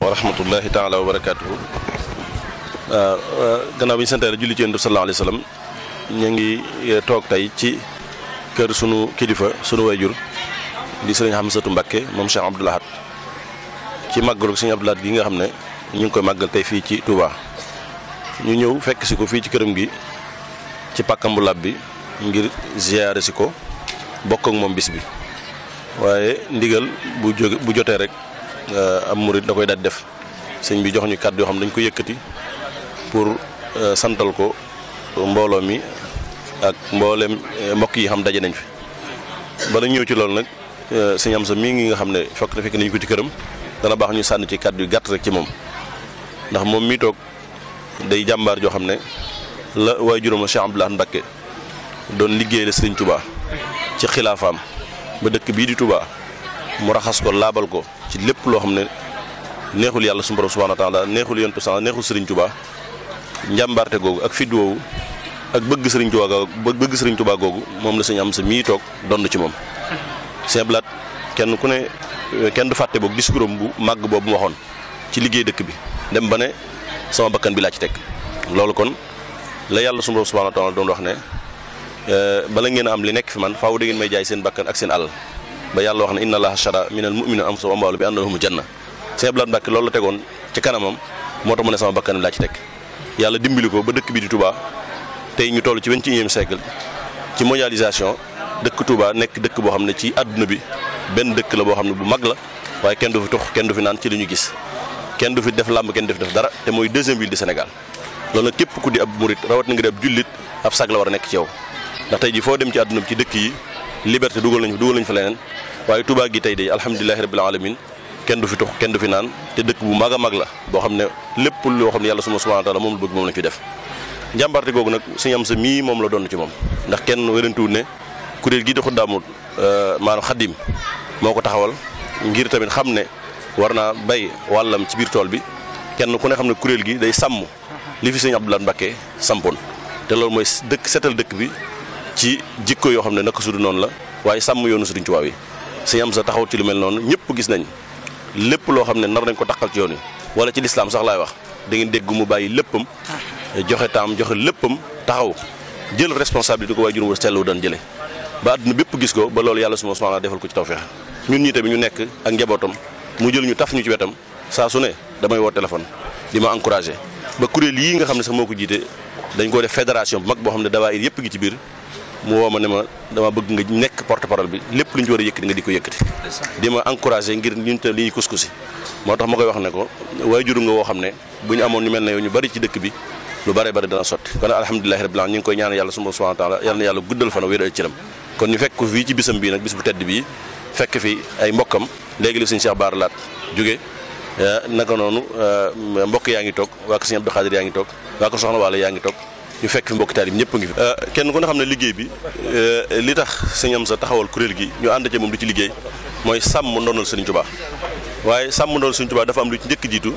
wa rahmatullahi taala wa barakaatuhu uh, uh, gannaaw bi ñu santeere julli ci yonent bi sallallahu alayhi ñu ngi uh, toog tey ci kër sunu kilifa sunu way wayjur di sëriñ Xamsatu Mbàkke moom Cheikh Abdoul ci màggalu sëriñ Abdoul Ahad gi nga xam ne ñu ngi koy màggal tey fii ci Touba ñu ñëw fekk si ko fii ci këram gi ci pàkkam bi ngir ziyaare si ko bokk ak moom bis bi waaye ndigal bu bu jotee rek Euh, am murit da koy daal def sëñ bi jox ñu kàdd yoo xam ne dañ koy yëkkati pour euh, santal ko mbooloo mi ak mbooleem euh, mbokk yi xam daje nañ fi bala ñëw ci loolu nag sëñ am sa mii ngi nga xam ne fokk na fekk nañ ko ci këram dana baax ñu sànni ci kàddu yu gàtt rek ci moom ndax moom mii toog day jàmbaar joo xam ne la waaye juróom la Cheikh Abdoulaye Mbacké doon liggéey la Sëriñ Touba ci xilaafaam ba dëkk bii di tubaa mu raxas ko laabal ko ci lépp loo xam ne neexul yàlla suñu borom subhanahu wa neexul yontu sa neexul sëriñ Tuubaa njàmbarte googu ak fit woowu ak bëgg sëriñ Tuubaa googu bëgg sëriñ Tuubaa googu moom la sëñ am sa mii toog dond ci moom sëñ Ablaat kenn ku ne euh, kenn du fàtte boog discours bu màgg boobu mu waxoon ci liggéey dëkk bi dem ba ne sama bakkan bi laa ci teg loolu kon la yàlla suñu borom subhanahu wa taala doon wax ne euh, bala ngeen am li nekk fi man faaw da ngeen may jaay seen bakkan ak seen alal ba yàlla wax ne inna allaha shara minal mu'minina anfusahum wa amwaalahum bi anna lahumul janna Sëñ Abdou Lahad Mbacké loolu la tegoon ci kanamam moo tax mu ne sama bakkan bi laa ci teg yàlla dimbali ko ba dëkk bi di Touba tey ñu toll ci vingt-et-unième siècle ci mondialisation dëkk Touba nekk dëkk boo xam ne ci àdduna bi benn dëkk la boo xam ne bu mag la waaye kenn du fi tux kenn du fi naan ci li ñu gis kenn du fi def làmb kenn du fi def dara te mooy deuxième ville di Sénégal lool nag képp ku di ab murit rawat na nga di ab ab sag la war a nekk ci yow foo dem ci àdduna bi ci dëkk yi liberté dugal nañu dugal nañu fa leneen waaye Touba gi tey de alhamdulilahi rabbil alamin kenn du fi tux kenn du fi naan te dëkk bu mag a mag la boo xam ne lépp loo xam ne yàlla subhaanahu wa taala moom la bëgg moom lañ fi def njàmbarte googu nag suñ am sa mii moom la doon ci moom ndax kenn wérantuwul ne kuréel gi di Xudaamul eh, maanaam xaddim moo ko taxawal ngir tamit xam ne war naa bay wàllam ci biir tool bi kenn ku ne xam ne kuréel gi day sàmm li fi sëñ Abdoulaye Mbacké te loolu mooy dëkk setal dëkk bi ci jikko yoo xam ne naka sudu noonu la waaye sàmm yoonu Sëriñ Tuubaa yi sëñ am sa taxaw ci lu mel noonu ñëpp gis nañ lépp loo xam ne nar nañ ko taqal ci yoon yi wala ci lislaam sax laay wax da ngeen dégg mu bàyyi léppam joxe taam joxe léppam taxaw jël responsabilité ko waaye juróom sell wu daan jële ba àdduna bépp gis ko ba loolu yàlla suma subhaanahu defal ko ci tawfeex ñun ñi tamit ñu nekk ak njabootam mu jël ñu taf ñu ci wetam saa su ne damay woo téléphone di ma encouragé ba kuréel yii nga xam ne sax moo ko jiite dañ koo def fédération bu mag boo xam ne dawaa it yëpp gi ci biir mu woo ma ne ma dama bëgg nga nekk porte parole bi lépp lu ñu war a yëkkati nga di ko yëkkati. di ma encouragé ngir ñun tam li ñuy moo tax ma koy wax ne ko waaye juru woo xam ne bu ñu amoon ñu mel ne yow ñu bari ci dëkk bi lu bare bari dana sot kon alhamdulilahi rabbil ñu ngi koy ñaanal yàlla subhanahu wa taala yal na yàlla guddal fan wéeral cëram kon ñu fekk ko fi ci bisam bi nag bis bu tedd bii fekk fi ay mbokkam léegi li suñu Cheikh Bara Laat jóge eh, naka noonu eh, mbokk yaa ngi toog waa ko Serigne Abdou Khadir yaa ngi toog waa ko yaa ngi toog ñu fekk fi mbokki taalib ñëpp ngi fi euh, kenn ku a xam ne liggéey bi euh, li tax sëñ am sa taxawal kuréel gi ñu ànd ci moom di ci liggéey mooy sàmm ndonal sëriñ Tuubaa waaye sàmm ndonal sëriñ Tuubaa dafa am lu ci njëkk jiitu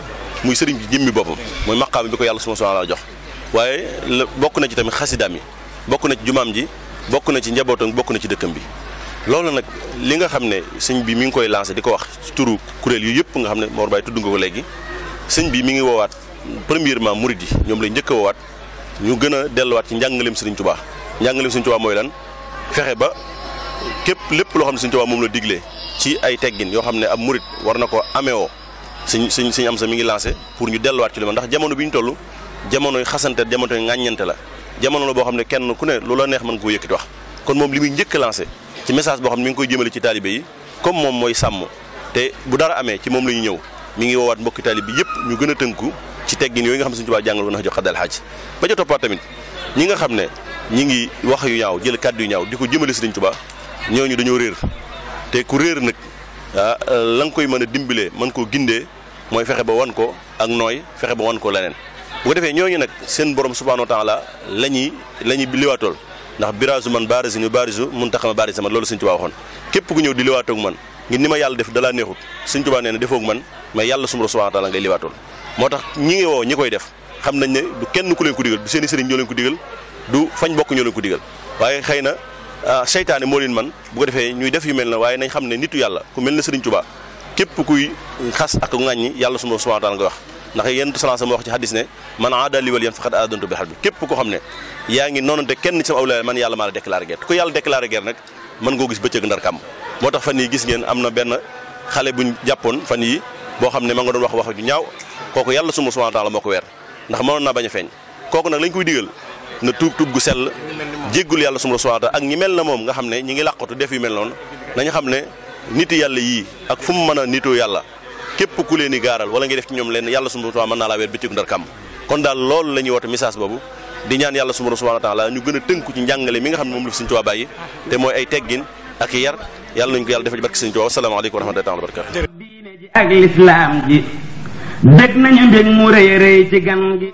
muy sëriñ bi jëmmi boppam mooy maqaam bi ko yàlla subhaanahu wa ta'aala jox waaye bokk na ci tamit xasidaam yi bokk na ci jumaam ji bokk na ci njabootam bokk na ci dëkkam bi loolu nag li nga xam ne sëñ bi mu ngi koy lancé di ko wax ci turu kuréel yu yëpp nga xam ne Mor Baye tudd nga ko léegi sëñ bi mi ngi woowaat premièrement murid yi ñoom lay njëkk woowaat ñu gën a delluwaat ci njàngaleem Sëriñ Tuubaa njàngaleem Sëriñ Tuubaa mooy lan fexe ba képp lépp loo xam ne Sëriñ Tuubaa moom la diglee ci ay teggin yoo xam ne ab murit war na ko amewoo suñ suñ suñ am sa mi ngi lancé pour ñu delluwaat ci lu ma ndax jamono bi ñu toll jamonoy xasante jamonoy ŋàññante la jamono la boo xam ne kenn ku ne lu la neex mën koo yëkkati wax kon moom li muy njëkk lancé ci message boo xam ne mi ngi koy jëmale ci taalibe yi comme moom mooy sàmm te bu dara amee ci moom la ñu ñëw mi ngi woowaat mbokki taalibe yi yëpp ñu gën a tënku ci teggin yooyu nga xam ne suñu tubaab jàngal ko nax jox xaddal xaaj ba ca toppaat tamit ñi nga xam ne ñi ngi wax yu ñaaw jël kàddu yu ñaaw di ko jëmale si sëriñ Tuubaa ñooñu dañoo réer te ku réer nag ah la nga koy mën a dimbalee mën koo gindee mooy fexe ba wan ko ak nooy fexe ba wan ko leneen bu ko defee ñooñu nag seen borom subhaanahu wa taala la ñuy la ñuy liwaatool ndax biraasu man baarisu ñu baarisu mun tax taxama baarisu sama loolu sëriñ Tuubaa waxoon képp ku ñëw di liwaatoog man ngir ni ma yàlla def dalaa neexut suñ tubaa nee na defoog man mais yàlla suma subhaana ngay liwaatool moo tax ñi ngi woo ñi koy def xam nañ ne du kenn ku leen ko digal du seen i sëriñ ñoo leen ko digal du fañ bokk ñoo leen ko digal waaye xëy na ah, seytaane moo leen man bu defee ñuy def yu mel na waaye nañ xam ne nitu yàlla ku mel na sëriñ tubaa képp kuy xas ak ŋàññi yàlla suma subhaana taala wax ndax yent salaan sama wax ci xadis ne man yan faqad aadantu bi ne yaa ngi noonante kenn ci sama awlaay man yàlla maa la déclaré guerre ku yàlla déclaré man nga gis bëccëg ndar kam moo fan yi gis ngeen amna ben xalé buñ jàppoon fan yi bo xamne ma nga doon wax wax ju ñaaw kooku yàlla suma wa taala moo wër ndax ma naa bañ a feeñ kooku nag lañ koy diggal na tuub tuub gu sel jéggul yàlla suma wa taala ak ñi mel na mom nga xamne ñi ngi laqatu def yu mel non nañ xamne ne niti yàlla yii ak fu mu mëna a yalla képp ku leen di gaaral wala nga def ci ñom leen yàlla suma wa ta'ala mëna la wër bëccëg ndar kam kon dal lool la ñuy woote message bobu di ñaan yàlla su borom subhanahu wa taala ñu gën a tënku ci njàngale mi nga xam ne moom la fi Sëriñ bàyyi te mooy ay teggin ak yar yàlla nañu ko yàlla defal ci barke Sëriñ Tuubaa asalaamaaleykum wa wa barakatuh diine ji ak lislaam ji dëgg nañu mbég mu rëy rëy ci gan gi